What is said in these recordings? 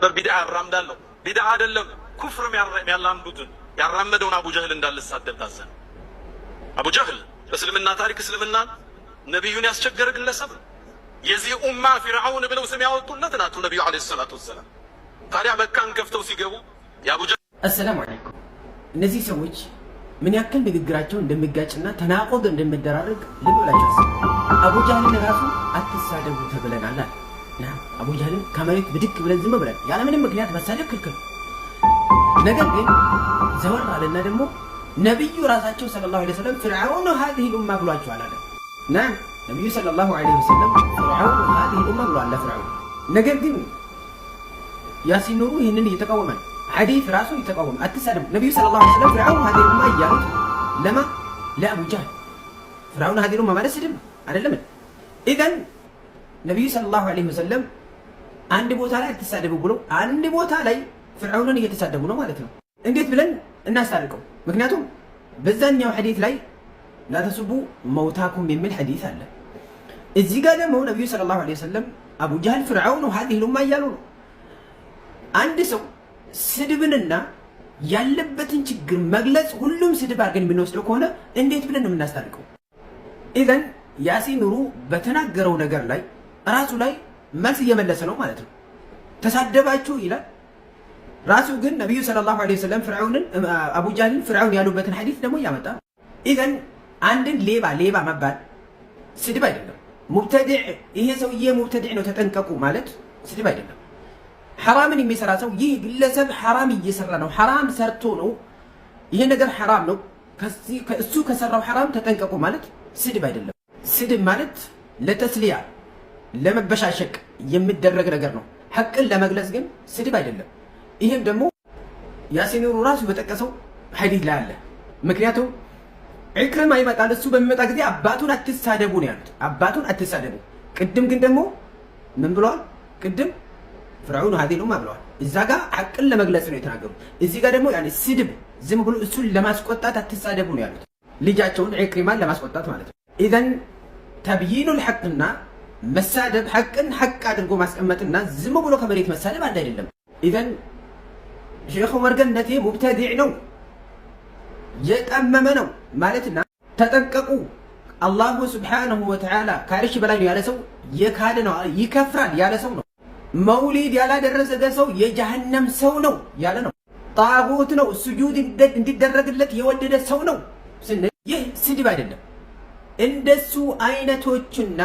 ነበር በቢድዓ ያራምዳለሁ። ቢድዓ አይደለም ኩፍርም ያላምዱትን ያራመደውን አቡ ጀህል እንዳልሳደብ ታዘን። አቡ ጀህል በእስልምና ታሪክ እስልምና ነቢዩን ያስቸገረ ግለሰብ የዚህ ኡማ ፊርዓውን ብለው ስም ያወጡለት ናቱ ነቢዩ ዓለይሂ ሰላቱ ወሰላም። ታዲያ መካን ከፍተው ሲገቡ የአቡ አሰላሙ አለይኩም። እነዚህ ሰዎች ምን ያክል ንግግራቸው እንደሚጋጭና ተናቆግ እንደሚደራረግ ልብላቸው። አቡ ጀህልን ራሱ አትሳደቡ ተብለናል። አለ አቡ አቡጃህልን ከመሬት ብድግ ብለን ዝም ብለን ያለምንም ምክንያት መሳለብ ክልክል። ነገር ግን ዘወር አለና ደግሞ ነቢዩ ራሳቸው ሰለላሁ ዐለይሂ ወሰለም ፍርዓውኑ ሀዚህ ልማ ብሏቸው አለ ና ነቢዩ ሰለላሁ ዐለይሂ ወሰለም ፍርዓውኑ ሀዚህ ልማ ብሏል ለፍርዓውን። ነገር ግን ያሲን ኑሩ ይህንን እየተቃወመ ነው። ሐዲፍ ራሱ እየተቃወመ አትሳደቡ። ነቢዩ ሰለላሁ ዐለይሂ ወሰለም ፍርዓውን ሀዚህ ልኡማ እያሉት ለማ ለአቡ ለአቡጃህል ፍርዓውን ሀዚህ ልኡማ ማለት ስድብ አይደለም። ኢዘን ነቢዩ ሰለላሁ ዐለይሂ ወሰለም አንድ ቦታ ላይ አትሳደቡ ብሎ አንድ ቦታ ላይ ፍርዓውንን እየተሳደቡ ነው ማለት ነው። እንዴት ብለን እናስታርቀው? ምክንያቱም በዛኛው ሐዲት ላይ ላተስቡ መውታኩም የሚል ሐዲት አለ። እዚህ ጋር ደግሞ ነቢዩ ሰለላሁ ዐለይሂ ወሰለም አቡ ጃህል ፍርዓውን ሀዚህ ሉማ እያሉ ነው። አንድ ሰው ስድብንና ያለበትን ችግር መግለጽ ሁሉም ስድብ አድርገን የምንወስደው ከሆነ እንዴት ብለን ነው የምናስታርቀው? ኢዘን ያሲን ኑሩ በተናገረው ነገር ላይ ራሱ ላይ መልስ እየመለሰ ነው ማለት ነው። ተሳደባችሁ ይላል። ራሱ ግን ነቢዩ ሰለላሁ ዐለይሂ ወሰለም ፍርዓውንን አቡጃህልን ፍርዓውን ያሉበትን ሐዲስ ደግሞ እያመጣ ነው። ኢዘን አንድን ሌባ ሌባ መባል ስድብ አይደለም። ሙብተድዕ ይሄ ሰውዬ ሙብተድዕ ነው ተጠንቀቁ ማለት ስድብ አይደለም። ሐራምን የሚሰራ ሰው ይህ ግለሰብ ሐራም እየሰራ ነው፣ ሐራም ሰርቶ ነው፣ ይሄ ነገር ሐራም ነው፣ እሱ ከሰራው ሐራም ተጠንቀቁ ማለት ስድብ አይደለም። ስድብ ማለት ለተስሊያ ለመበሻሸቅ የሚደረግ ነገር ነው። ሐቅን ለመግለጽ ግን ስድብ አይደለም። ይህም ደግሞ ያሲኑሩ ራሱ በጠቀሰው ሀዲድ ላይ አለ። ምክንያቱም ዕክርማ ይመጣል። እሱ በሚመጣ ጊዜ አባቱን አትሳደቡ ነው ያሉት። አባቱን አትሳደቡ። ቅድም ግን ደግሞ ምን ብለዋል? ቅድም ፍርዑን ሀዚል ብለዋል። እዛ ጋር ሐቅን ለመግለጽ ነው የተናገሩት። እዚህ ጋር ደግሞ ስድብ ዝም ብሎ እሱን ለማስቆጣት አትሳደቡ ነው ያሉት። ልጃቸውን ዕክሪማን ለማስቆጣት ማለት ነው። ኢዘን ተብይኑ ልሐቅና መሳደብ ሐቅን ሐቅ አድርጎ ማስቀመጥና ዝም ብሎ ከመሬት መሳደብ አንድ አይደለም። ኢዘን ሼኹ መርገነቴ ሙብተዲዕ ነው የጠመመ ነው ማለትና ተጠንቀቁ። አላሁ ስብሓነሁ ወተዓላ ከአርሽ በላይ ነው ያለ ሰው የካደ ነው ይከፍራል ያለ ሰው ነው። መውሊድ ያላደረሰ ሰው የጀሃነም ሰው ነው ያለ ነው። ጣጉት ነው ስጁድ እንዲደረግለት የወደደ ሰው ነው ስንል ይህ ስድብ አይደለም። እንደሱ አይነቶችና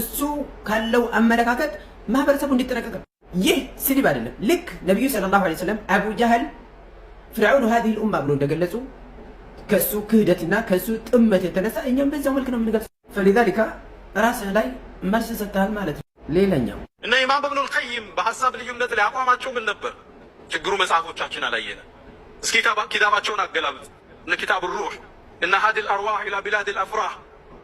እሱ ካለው አመለካከት ማህበረሰቡ እንዲጠነቀቅ። ይህ ስድብ አይደለም። ልክ ነቢዩ ሰለላሁ ዐለይሂ ወሰለም አቡ ጃህል ፍርዖን ሃዚህ ልኡማ ብሎ እንደገለጹ ከእሱ ክህደትና ከእሱ ጥመት የተነሳ እኛም በዚያው መልክ ነው የምንገልጸው። ፈሊዛሊካ ራስህ ላይ መልስ ሰጥተሃል ማለት ነው። ሌላኛው እና ኢማም ኢብኑል ልቀይም በሀሳብ ልዩነት ላይ አቋማቸው ምን ነበር? ችግሩ መጽሐፎቻችን አላየነ። እስኪ ኪታባቸውን አገላብጥ። እነ ኪታብ ሩህ እና ሀዲል አርዋህ ኢላ ቢላድ ልአፍራህ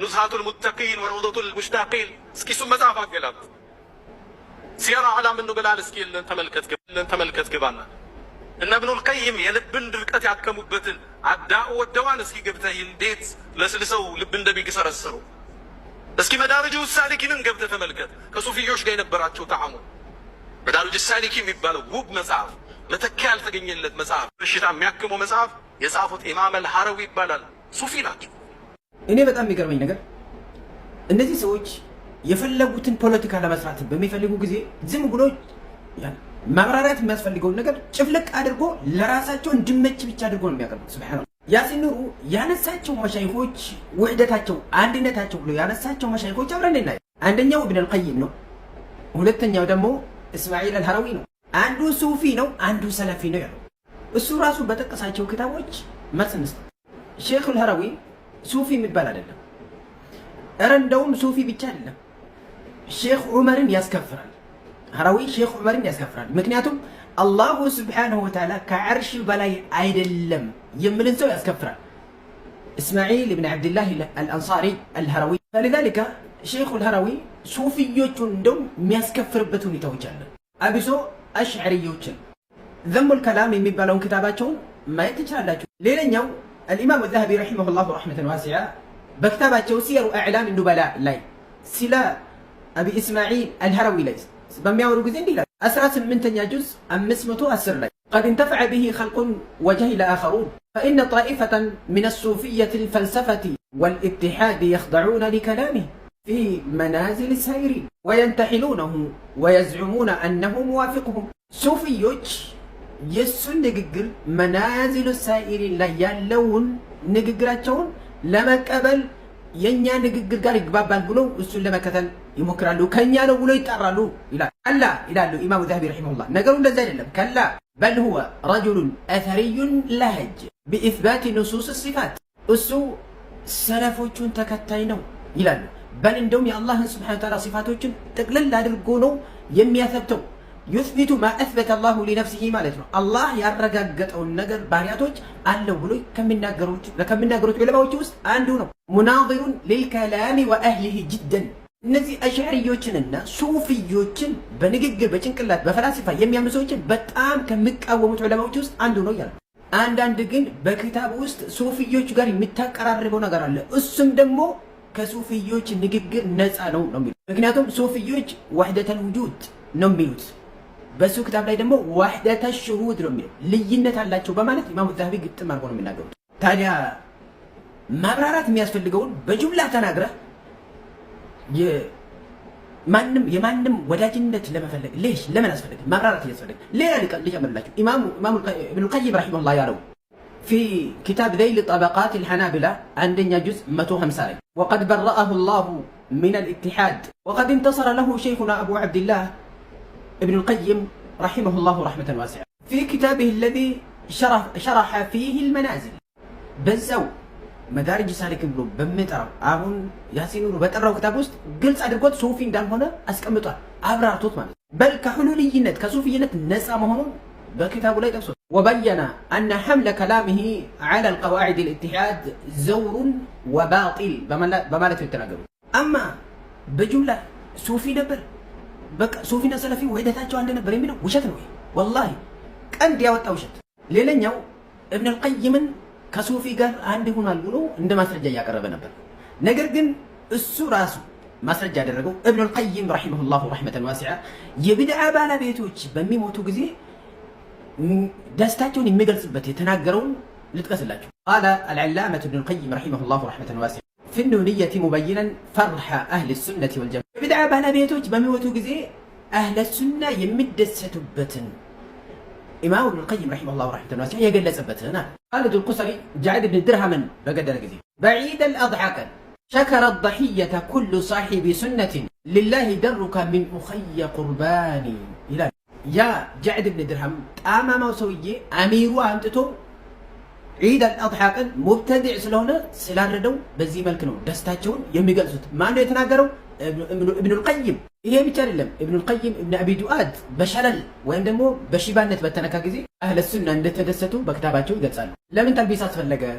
ኑስሓቱል ሙተቂን ወረውደቱል ሙሽታቂን እስኪ እሱም መጽሐፍ አገላብ ሲራ ዓላም እንብላል እስኪ ተመልከት ግባና እነ ብኑል ቀይም የልብን ድርቀት ያከሙበትን አዳኡ ወደዋን እስኪ ገብተህ እንዴት ለስልሰው ልብ እንደሚገሰረሰሩ እስኪ መዳርጅ ሳሊኪንን ገብተህ ተመልከት። ከሱፊዮች ጋር የነበራቸው ጣዕሙ መዳርጅ ሳሊኪ የሚባለው ውብ መጽሐፍ፣ መተኪያ ያልተገኘለት መጽሐፍ፣ በሽታ የሚያክመው መጽሐፍ የጻፉት ኢማም አልሐረዊ ይባላል። ሱፊ ናቸው። እኔ በጣም የሚገርመኝ ነገር እነዚህ ሰዎች የፈለጉትን ፖለቲካ ለመስራት በሚፈልጉ ጊዜ ዝም ብሎ ማብራሪያት የሚያስፈልገውን ነገር ጭፍልቅ አድርጎ ለራሳቸው እንድመች ብቻ አድርጎ ነው የሚያቀርቡት። ስብሓን ያሲን ኑሩ ያነሳቸው መሻይኮች ውህደታቸው፣ አንድነታቸው ብሎ ያነሳቸው መሻይኮች አብረን እናይ። አንደኛው እብን አልቀይም ነው። ሁለተኛው ደግሞ እስማዒል አልሀራዊ ነው። አንዱ ሱፊ ነው፣ አንዱ ሰለፊ ነው ያለው እሱ ራሱ በጠቀሳቸው ክታቦች መልስ እንስጥ ሼክ አልሀራዊ ሱፊ የሚባል አይደለም። እረ እንደውም ሱፊ ብቻ አይደለም፣ ሼክ ዑመርን ያስከፍራል። ሀራዊ ሼክ ዑመርን ያስከፍራል። ምክንያቱም አላሁ ስብሓነሁ ወተዓላ ከዓርሽ በላይ አይደለም የሚልን ሰው ያስከፍራል። እስማዒል ብን ዓብድላህ አልአንሳሪ አልሀራዊ ፈሊዛሊካ ሼክ አልሀራዊ ሱፊዮቹን እንደውም የሚያስከፍርበት ሁኔታዎች አለ። አቢሶ አሽዕርዮችን ዘሙል ከላም የሚባለውን ክታባቸውን ማየት ትችላላችሁ። ሌላኛው الإمام الذهبي رحمه الله رحمة واسعة النبلاء ሲየሩ سلا أبي إسماعيل الهروي ليس بم አልሀራዊ قزين لا أسرات من تنيا جزء أم اسمته أسر لي. قد انتفع به خلق وجهل آخرون فإن طائفة من الصوفية الفلسفة والاتحاد يخضعون لكلامه في منازل السائرين وينتحلونه ويزعمون أنه موافقهم صوفيوش የእሱን ንግግር መናዚሉ ሳኢሪን ላይ ያለውን ንግግራቸውን ለመቀበል የእኛ ንግግር ጋር ይግባባል ብሎ እሱን ለመከተል ይሞክራሉ። ከእኛ ነው ብሎ ይጠራሉ ይላል አላ ይላሉ ኢማሙ ዛህቢ ረሒመሁላህ። ነገሩ እንደዚ አይደለም። ከላ በል ሁወ ረጅሉን አተሪዩን ላህጅ ቢኢስባት ንሱስ ሲፋት እሱ ሰለፎቹን ተከታይ ነው ይላሉ። በል እንደውም የአላህን ስብሓነ ወተዓላ ሲፋቶችን ጥቅልል አድርጎ ነው የሚያሰብተው ዩስቢቱ ማ አላሁ ሊነፍሲሂ ማለት ነው። አላህ ያረጋገጠውን ነገር ባህሪያቶች አለው ብሎ ከሚናገሩት ዑለማዎች ውስጥ አንዱ ነው። ሙናዚሩን ሊልከላሚ ወአህሊሂ ጅደን። እነዚህ አሽዕሪዮችንና ሱፍዮችን በንግግር በጭንቅላት በፈላስፋ የሚያምኑ ሰዎችን በጣም ከሚቃወሙት ዑለማዎች ውስጥ አንዱ ነው እያለ አንዳንድ ግን በክታብ ውስጥ ሱፊዮች ጋር የሚታቀራርበው ነገር አለ እሱም ደግሞ ከሱፍዮች ንግግር ነፃ ነው ነው የሚሉት ምክንያቱም ሱፊዮች ዋህደተል ውጁድ ነው የሚሉት በሱ ክታብ ላይ ደግሞ ዋህደተ ሽሁድ ነው የሚለው ልዩነት አላቸው በማለት ኢማሙ ዛሀቢ ግጥም አድርጎ ነው የሚናገሩት። ታዲያ ማብራራት የሚያስፈልገውን በጅምላ ተናግረ ማንም የማንም ወዳጅነት ለመፈለግ ሌሽ ለምን አስፈለገ? ማብራራት እያስፈለገ ሌላ ልጨምርላችሁ። ኢማሙ ኢብኑል ቀይም ረሂመሁላህ ያለው ፊ ኪታብ ዘይል ጠበቃት ልሐናብላ አንደኛ ጁዝ 150 ላይ ወቀድ በረአሁ ላሁ ሚን አልኢትሓድ ወቀድ እንተሰረ ለሁ ሸይኹና አቡ ዓብድላህ ابن القيم رحمه الله رحمة واسعة في كتابه الذي شرح, شرح فيه المنازل በዛው መዳርጅ ሳሊክ ብሎ በሚጠራው አሁን ያሲን ኑሩ በጠራው ክታብ ውስጥ ግልጽ አድርጎት ሱፊ እንዳልሆነ አስቀምጧል፣ አብራርቶት ማለት በል ከሁሉልይነት ከሱፊይነት ነፃ መሆኑን በኪታቡ ላይ ጠቅሶት ወበየነ አነ ሐምለ ከላምህ ዐለ ልቀዋዒድ ልእትሓድ ዘውሩን ወባጢል በማለት የተናገሩት። አማ በጅምላ ሱፊ ነበር በቃ ሱፊና ሰለፊ ውህደታቸው አንድ ነበር የሚለው ውሸት ነው። ወላሂ ቀንድ ያወጣ ውሸት። ሌላኛው እብን አልቀይምን ከሱፊ ጋር አንድ ይሆናል ብሎ እንደ ማስረጃ እያቀረበ ነበር። ነገር ግን እሱ ራሱ ማስረጃ ያደረገው እብን አልቀይም ረሂመሁላሁ ረሕመተን ዋሲዓ የቢድዓ ባለቤቶች በሚሞቱ ጊዜ ደስታቸውን የሚገልጽበት የተናገረውን ልጥቀስላቸው። ቃለ አልዓላመት እብን አልቀይም ረሂመሁላሁ ረሕመተን ዋሲዓ ፊኑ ንየቲ ሙበይነን ፈርሐ አህል ሱነት ወልጀማ የቢድዓ ባለቤቶች በሚወቱ ጊዜ አህለ ሱና የሚደሰቱበትን ኢማሙ ብን ልቀይም ረሒመሁ ላሁ ረሕመተን ዋሲዓ የገለጸበትን ኻሊድ ልቁሰሪ ጃዕድ ብን ድርሃምን በገደለ ጊዜ በዒደል አድሓ ቀን ሸከረ ضሒየተ ኩሉ ሳሒቢ ሱነትን ልላህ ደሩከ ሚን ኡኸየ ቁርባኒ ይላል ያ ጃዕድ ብን ድርሃም ጣማማው ሰውዬ አሚሩ አምጥቶ ዒድ አልአድሓ ቀን ሙብተዲዕ ስለሆነ ስላረደው በዚህ መልክ ነው ደስታቸውን የሚገልጹት። ማነው የተናገረው? እብኑልቀይም። ይሄ ብቻ አይደለም። እብኑልቀይም እብን አቢ ዱአድ በሸለል ወይም ደግሞ በሽባነት በተነካ ጊዜ አህለ ሱና እንደተደሰቱ በክታባቸው ይገልጻሉ። ለምን ተልቢስ አስፈለገ?